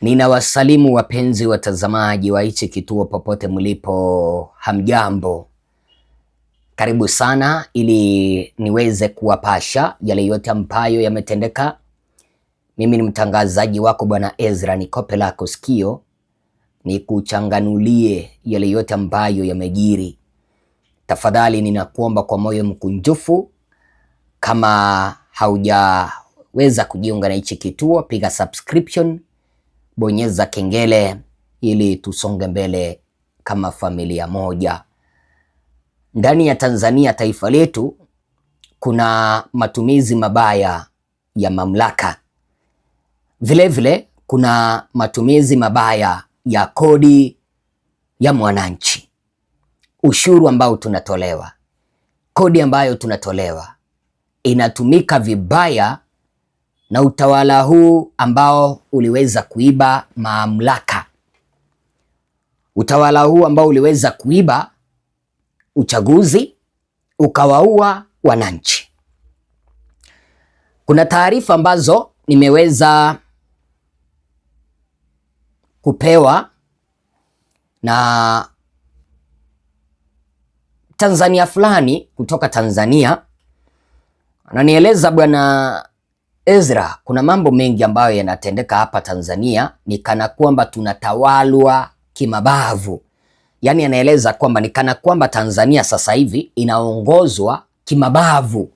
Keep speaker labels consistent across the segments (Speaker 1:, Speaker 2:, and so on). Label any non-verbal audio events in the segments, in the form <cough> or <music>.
Speaker 1: Ninawasalimu wapenzi watazamaji wa hichi kituo popote mlipo, hamjambo? Karibu sana ili niweze kuwapasha yale yote ambayo yametendeka. Mimi ni mtangazaji wako Bwana Ezra, nikope lako sikio nikuchanganulie yale yote ambayo yamejiri. Tafadhali ninakuomba kwa moyo mkunjufu, kama haujaweza kujiunga na hichi kituo, piga subscription bonyeza kengele ili tusonge mbele kama familia moja. Ndani ya Tanzania taifa letu kuna matumizi mabaya ya mamlaka. Vilevile vile, kuna matumizi mabaya ya kodi ya mwananchi, ushuru ambao tunatolewa, kodi ambayo tunatolewa inatumika vibaya na utawala huu ambao uliweza kuiba mamlaka, utawala huu ambao uliweza kuiba uchaguzi ukawaua wananchi. Kuna taarifa ambazo nimeweza kupewa na Tanzania fulani kutoka Tanzania, ananieleza bwana Ezra, kuna mambo mengi ambayo yanatendeka hapa Tanzania ni kana kwamba tunatawalwa kimabavu. Yaani anaeleza kwamba ni kana kwamba Tanzania sasa hivi inaongozwa kimabavu.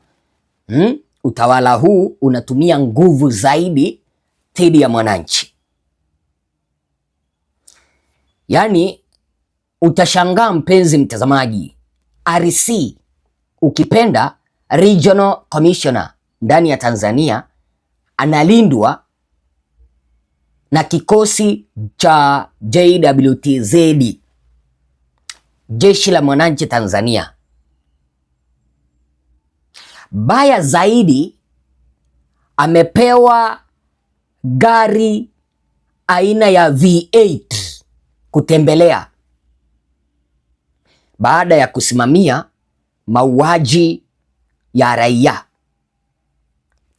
Speaker 1: Hmm? Utawala huu unatumia nguvu zaidi dhidi ya mwananchi. Yaani utashangaa mpenzi mtazamaji, RC ukipenda Regional Commissioner ndani ya Tanzania analindwa na kikosi cha JWTZ, jeshi la mwananchi Tanzania. Baya zaidi, amepewa gari aina ya V8 kutembelea baada ya kusimamia mauaji ya raia.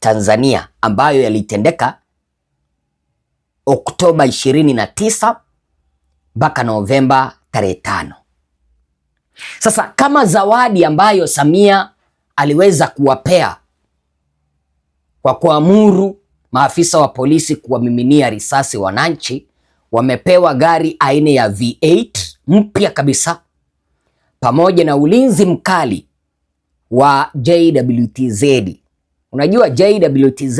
Speaker 1: Tanzania ambayo yalitendeka Oktoba 29 mpaka Novemba tarehe tano. Sasa kama zawadi ambayo Samia aliweza kuwapea kwa kuamuru maafisa wa polisi kuwamiminia risasi wananchi, wamepewa gari aina ya V8 mpya kabisa pamoja na ulinzi mkali wa JWTZ Unajua JWTZ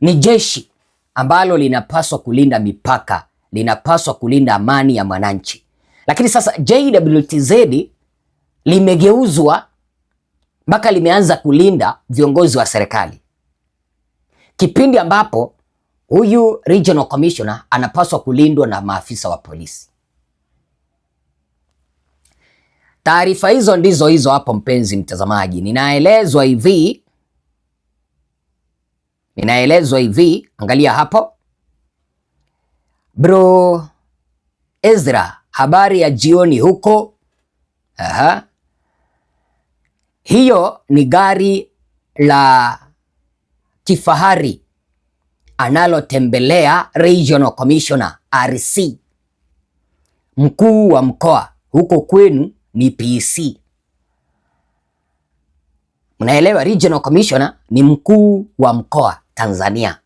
Speaker 1: ni jeshi ambalo linapaswa kulinda mipaka, linapaswa kulinda amani ya mwananchi. Lakini sasa JWTZ limegeuzwa mpaka limeanza kulinda viongozi wa serikali, kipindi ambapo huyu regional commissioner anapaswa kulindwa na maafisa wa polisi. Taarifa hizo ndizo hizo hapo, mpenzi mtazamaji, ninaelezwa hivi Ninaelezwa hivi, angalia hapo. Bro Ezra, habari ya jioni huko. Aha. Hiyo ni gari la kifahari analotembelea Regional Commissioner RC, mkuu wa mkoa huko kwenu ni PC. Mnaelewa, Regional Commissioner ni mkuu wa mkoa. Tanzania.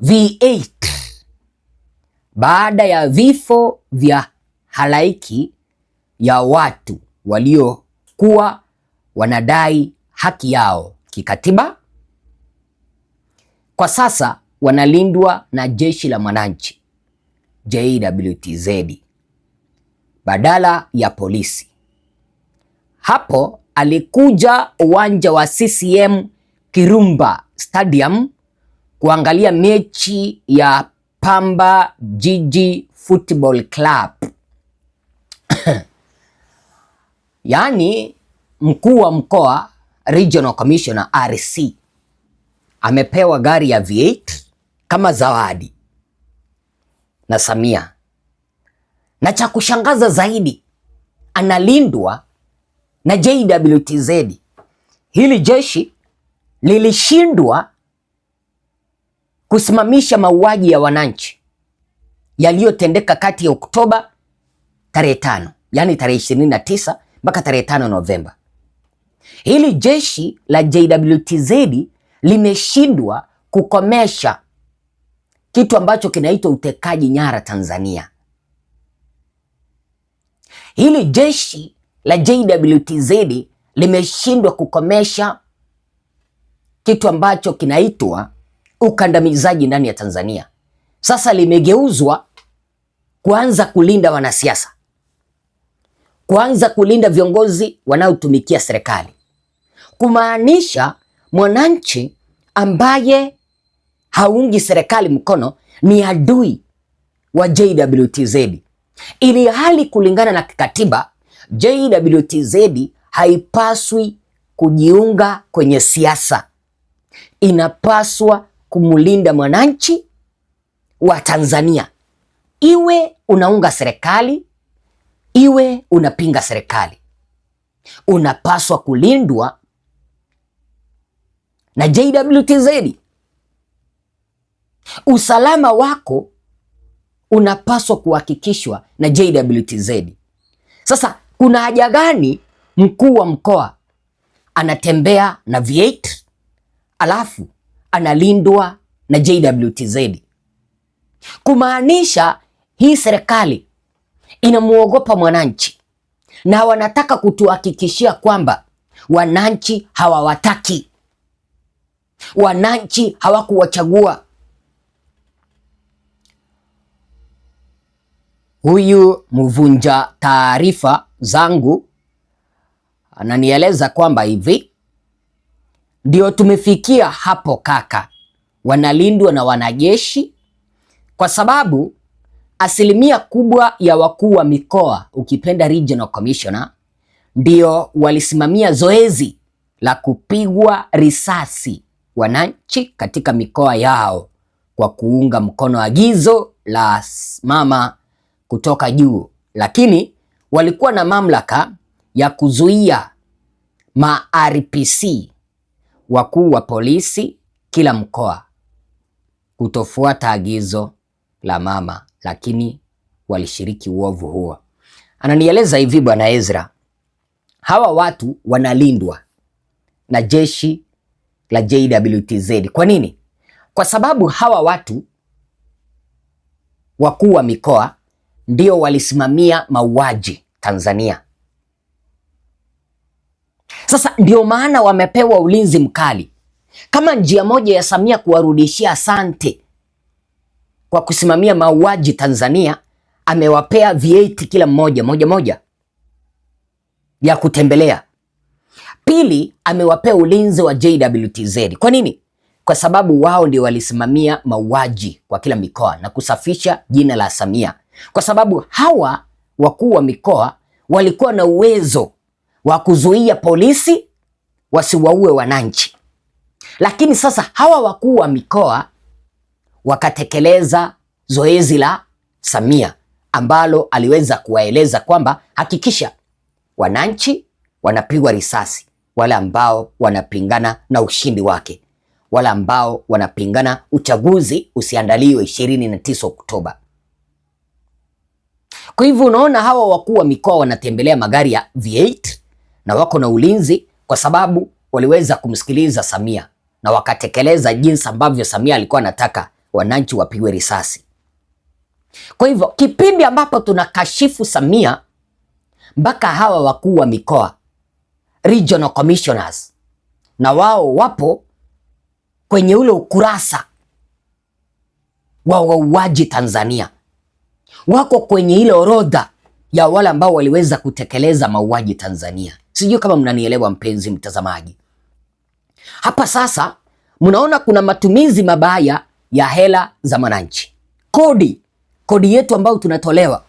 Speaker 1: V8 baada ya vifo vya halaiki ya watu waliokuwa wanadai haki yao kikatiba, kwa sasa wanalindwa na Jeshi la Mwananchi JWTZ badala ya polisi. Hapo alikuja uwanja wa CCM Kirumba stadium kuangalia mechi ya Pamba Jiji Football Club. <coughs> Yaani mkuu wa mkoa Regional Commissioner RC amepewa gari ya V8 kama zawadi na Samia, na cha kushangaza zaidi analindwa na JWTZ. Hili jeshi lilishindwa kusimamisha mauaji ya wananchi yaliyotendeka kati ya Oktoba tarehe tano yani tarehe 29 mpaka tarehe tano Novemba. Hili jeshi la JWTZ limeshindwa kukomesha kitu ambacho kinaitwa utekaji nyara Tanzania. Hili jeshi la JWTZ limeshindwa kukomesha kitu ambacho kinaitwa ukandamizaji ndani ya Tanzania. Sasa limegeuzwa kuanza kulinda wanasiasa, kuanza kulinda viongozi wanaotumikia serikali, kumaanisha mwananchi ambaye haungi serikali mkono ni adui wa JWTZ, ili hali kulingana na kikatiba JWTZ haipaswi kujiunga kwenye siasa inapaswa kumlinda mwananchi wa Tanzania, iwe unaunga serikali, iwe unapinga serikali, unapaswa kulindwa na JWTZ. Usalama wako unapaswa kuhakikishwa na JWTZ. Sasa kuna haja gani mkuu wa mkoa anatembea na V8 alafu analindwa na JWTZ, kumaanisha hii serikali inamuogopa mwananchi na wanataka kutuhakikishia kwamba wananchi hawawataki, wananchi hawakuwachagua. Huyu mvunja taarifa zangu ananieleza kwamba hivi ndio tumefikia hapo kaka, wanalindwa na wanajeshi, kwa sababu asilimia kubwa ya wakuu wa mikoa, ukipenda regional commissioner, ndio walisimamia zoezi la kupigwa risasi wananchi katika mikoa yao kwa kuunga mkono agizo la mama kutoka juu, lakini walikuwa na mamlaka ya kuzuia ma RPC wakuu wa polisi kila mkoa kutofuata agizo la mama, lakini walishiriki uovu huo. Ananieleza hivi Bwana Ezra, hawa watu wanalindwa na jeshi la JWTZ. Kwa nini? Kwa sababu hawa watu wakuu wa mikoa ndio walisimamia mauaji Tanzania sasa ndio maana wamepewa ulinzi mkali, kama njia moja ya Samia kuwarudishia asante kwa kusimamia mauaji Tanzania. Amewapea vieti kila mmoja moja moja ya kutembelea. Pili, amewapea ulinzi wa JWTZ. Kwa nini? Kwa sababu wao ndio walisimamia mauaji kwa kila mikoa na kusafisha jina la Samia, kwa sababu hawa wakuu wa mikoa walikuwa na uwezo wa kuzuia polisi wasiwaue wananchi. Lakini sasa hawa wakuu wa mikoa wakatekeleza zoezi la Samia ambalo aliweza kuwaeleza kwamba hakikisha wananchi wanapigwa risasi, wale ambao wanapingana na ushindi wake, wale ambao wanapingana uchaguzi usiandaliwe 29 Oktoba. Kwa hivyo unaona hawa wakuu wa mikoa wanatembelea magari ya V8 na wako na ulinzi kwa sababu waliweza kumsikiliza Samia na wakatekeleza jinsi ambavyo Samia alikuwa anataka wananchi wapigwe risasi. Kwa hivyo kipindi ambapo tunakashifu Samia mpaka hawa wakuu wa mikoa regional commissioners na wao wapo kwenye ule ukurasa wa wauaji Tanzania, wako kwenye ile orodha ya wale ambao waliweza kutekeleza mauaji Tanzania. Sijui kama mnanielewa mpenzi mtazamaji. Hapa sasa mnaona kuna matumizi mabaya ya hela za mwananchi, kodi, kodi yetu ambayo tunatolewa,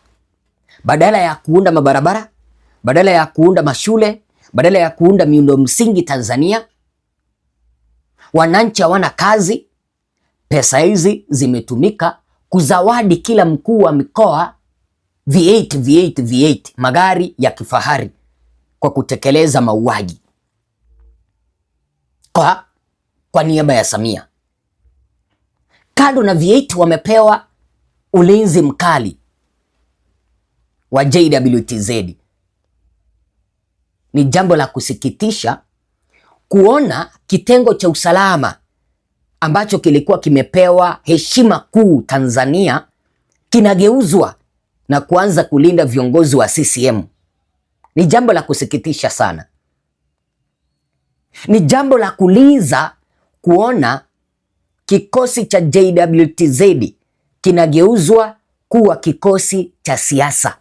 Speaker 1: badala ya kuunda mabarabara, badala ya kuunda mashule, badala ya kuunda miundo msingi Tanzania. Wananchi hawana kazi. Pesa hizi zimetumika kuzawadi kila mkuu wa mikoa V8, V8, V8, magari ya kifahari kwa kutekeleza mauaji kwa, kwa niaba ya Samia. Kando na V8 wamepewa ulinzi mkali wa JWTZ. Ni jambo la kusikitisha kuona kitengo cha usalama ambacho kilikuwa kimepewa heshima kuu Tanzania kinageuzwa na kuanza kulinda viongozi wa CCM. Ni jambo la kusikitisha sana. Ni jambo la kuliza kuona kikosi cha JWTZ kinageuzwa kuwa kikosi cha siasa,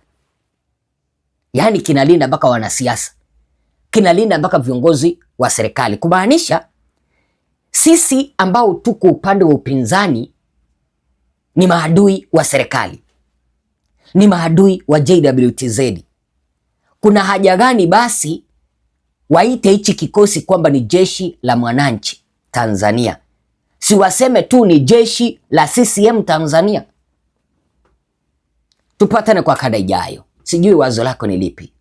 Speaker 1: yaani kinalinda mpaka wanasiasa, kinalinda mpaka viongozi wa serikali, kumaanisha sisi ambao tuko upande wa upinzani ni maadui wa serikali ni maadui wa JWTZ. Kuna haja gani basi waite hichi kikosi kwamba ni jeshi la mwananchi Tanzania? Si waseme tu ni jeshi la CCM Tanzania. Tupatane kwa kada ijayo. Sijui wazo lako ni lipi.